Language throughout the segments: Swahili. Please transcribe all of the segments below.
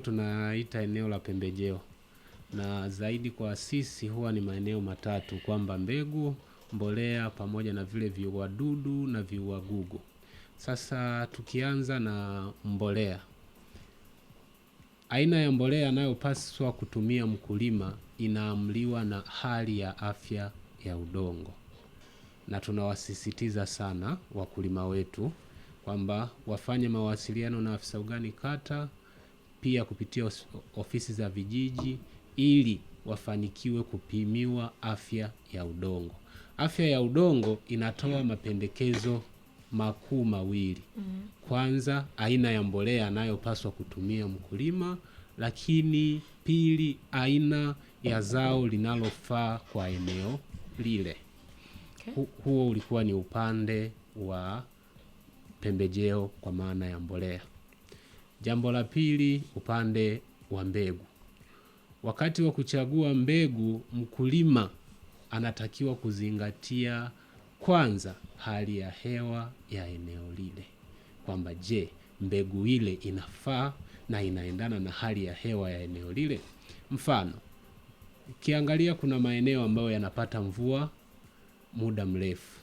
eneo tunaita eneo la pembejeo, na zaidi kwa sisi huwa ni maeneo matatu kwamba mbegu, mbolea pamoja na vile viuadudu na viuagugu. Sasa tukianza na mbolea, aina ya mbolea anayopaswa kutumia mkulima inaamliwa na hali ya afya ya udongo, na tunawasisitiza sana wakulima wetu kwamba wafanye mawasiliano na afisa ugani kata pia kupitia ofisi za vijiji ili wafanikiwe kupimiwa afya ya udongo. Afya ya udongo inatoa mapendekezo makuu mawili. Mm-hmm. Kwanza, aina ya mbolea anayopaswa kutumia mkulima, lakini pili, aina ya zao linalofaa kwa eneo lile. Okay. Huo ulikuwa ni upande wa pembejeo kwa maana ya mbolea. Jambo la pili, upande wa mbegu. Wakati wa kuchagua mbegu, mkulima anatakiwa kuzingatia kwanza hali ya hewa ya eneo lile, kwamba je, mbegu ile inafaa na inaendana na hali ya hewa ya eneo lile. Mfano, ukiangalia kuna maeneo ambayo yanapata mvua muda mrefu,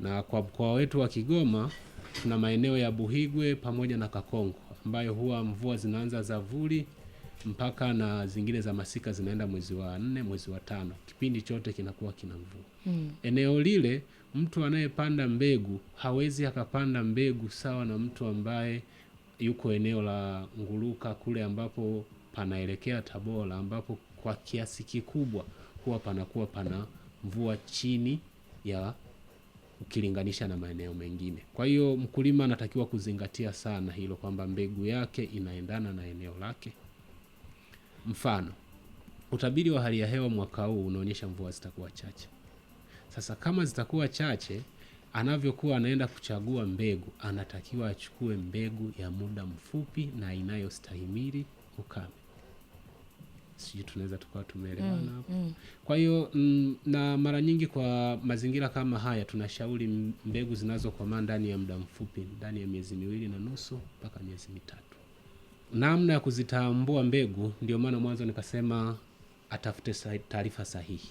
na kwa mkoa wetu wa Kigoma kuna maeneo ya Buhigwe pamoja na Kakonko ambayo huwa mvua zinaanza za vuli mpaka na zingine za masika zinaenda mwezi wa nne, mwezi wa tano, kipindi chote kinakuwa kina mvua mm. Eneo lile mtu anayepanda mbegu hawezi akapanda mbegu sawa na mtu ambaye yuko eneo la Nguruka kule ambapo panaelekea Tabora, ambapo kwa kiasi kikubwa huwa panakuwa pana mvua chini ya ukilinganisha na maeneo mengine. Kwa hiyo mkulima anatakiwa kuzingatia sana hilo kwamba mbegu yake inaendana na eneo lake. Mfano, utabiri wa hali ya hewa mwaka huu unaonyesha mvua zitakuwa chache. Sasa kama zitakuwa chache, anavyokuwa anaenda kuchagua mbegu, anatakiwa achukue mbegu ya muda mfupi na inayostahimili ukame. Sijui tunaweza tukawa tumeelewana mm, hapo. mm, mm. Kwa hiyo mm, na mara nyingi kwa mazingira kama haya tunashauri mbegu zinazokomaa ndani ya muda mfupi, ndani ya miezi miwili na nusu mpaka miezi mitatu. Namna ya kuzitambua mbegu, ndio maana mwanzo nikasema atafute taarifa sahihi.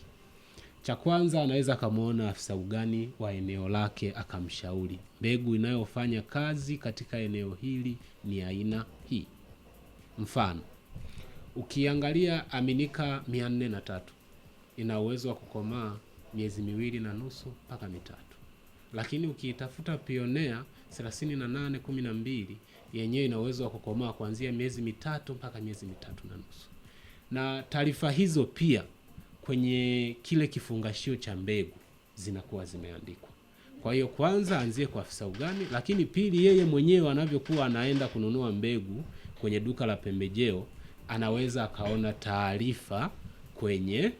Cha kwanza anaweza akamwona afisa ugani wa eneo lake akamshauri mbegu inayofanya kazi katika eneo hili ni aina hii. Mfano, ukiangalia Aminika mia nne na tatu ina uwezo wa kukomaa miezi miwili na nusu mpaka mitatu, lakini ukiitafuta pionea 3812 yenyewe ina uwezo wa kukomaa kuanzia miezi mitatu mpaka miezi mitatu na nusu. Na taarifa hizo pia kwenye kile kifungashio cha mbegu zinakuwa zimeandikwa. Kwa hiyo kwanza anzie kwa afisa ugani, lakini pili, yeye mwenyewe anavyokuwa anaenda kununua mbegu kwenye duka la pembejeo anaweza akaona taarifa kwenye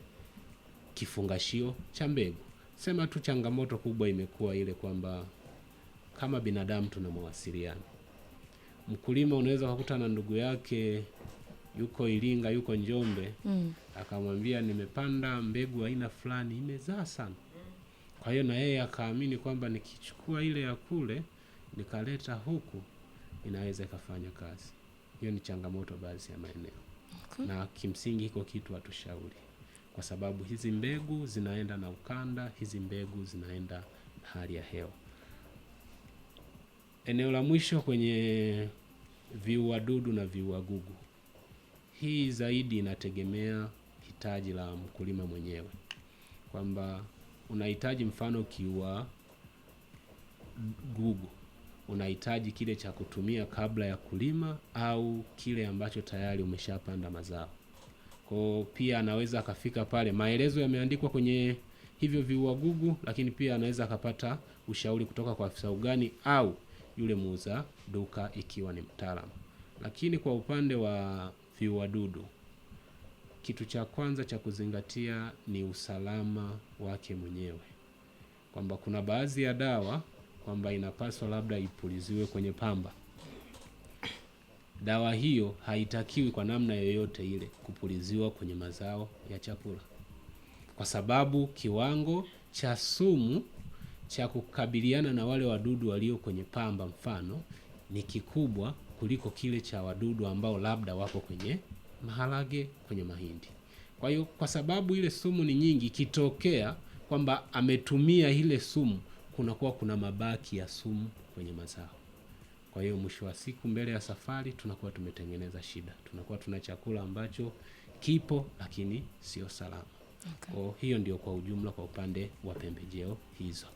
kifungashio cha mbegu. Sema tu changamoto kubwa imekuwa ile kwamba kama binadamu tuna mawasiliano. Mkulima unaweza kukuta na ndugu yake yuko Iringa, yuko Njombe mm. akamwambia nimepanda mbegu aina fulani imezaa sana. Kwa hiyo na yeye akaamini kwamba nikichukua ile ya kule nikaleta huku inaweza ikafanya kazi. Hiyo ni changamoto baadhi ya maeneo okay. na kimsingi hiko kitu hatushauri kwa sababu hizi mbegu zinaenda na ukanda, hizi mbegu zinaenda na hali ya hewa. Eneo la mwisho kwenye viua dudu na viua gugu, hii zaidi inategemea hitaji la mkulima mwenyewe kwamba unahitaji mfano kiua gugu unahitaji kile cha kutumia kabla ya kulima au kile ambacho tayari umeshapanda mazao. Kwa pia anaweza akafika pale, maelezo yameandikwa kwenye hivyo viuagugu, lakini pia anaweza akapata ushauri kutoka kwa afisa ugani au yule muuza duka ikiwa ni mtaalamu. Lakini kwa upande wa viuadudu, kitu cha kwanza cha kuzingatia ni usalama wake mwenyewe, kwamba kuna baadhi ya dawa kwamba inapaswa labda ipuliziwe kwenye pamba Dawa hiyo haitakiwi kwa namna yoyote ile kupuliziwa kwenye mazao ya chakula, kwa sababu kiwango cha sumu cha kukabiliana na wale wadudu walio kwenye pamba mfano ni kikubwa kuliko kile cha wadudu ambao labda wako kwenye maharage, kwenye mahindi. Kwa hiyo kwa sababu ile sumu ni nyingi, ikitokea kwamba ametumia ile sumu, kunakuwa kuna mabaki ya sumu kwenye mazao. Kwa hiyo mwisho wa siku, mbele ya safari, tunakuwa tumetengeneza shida, tunakuwa tuna chakula ambacho kipo lakini sio salama. Okay. Kwa hiyo ndio kwa ujumla kwa upande wa pembejeo hizo.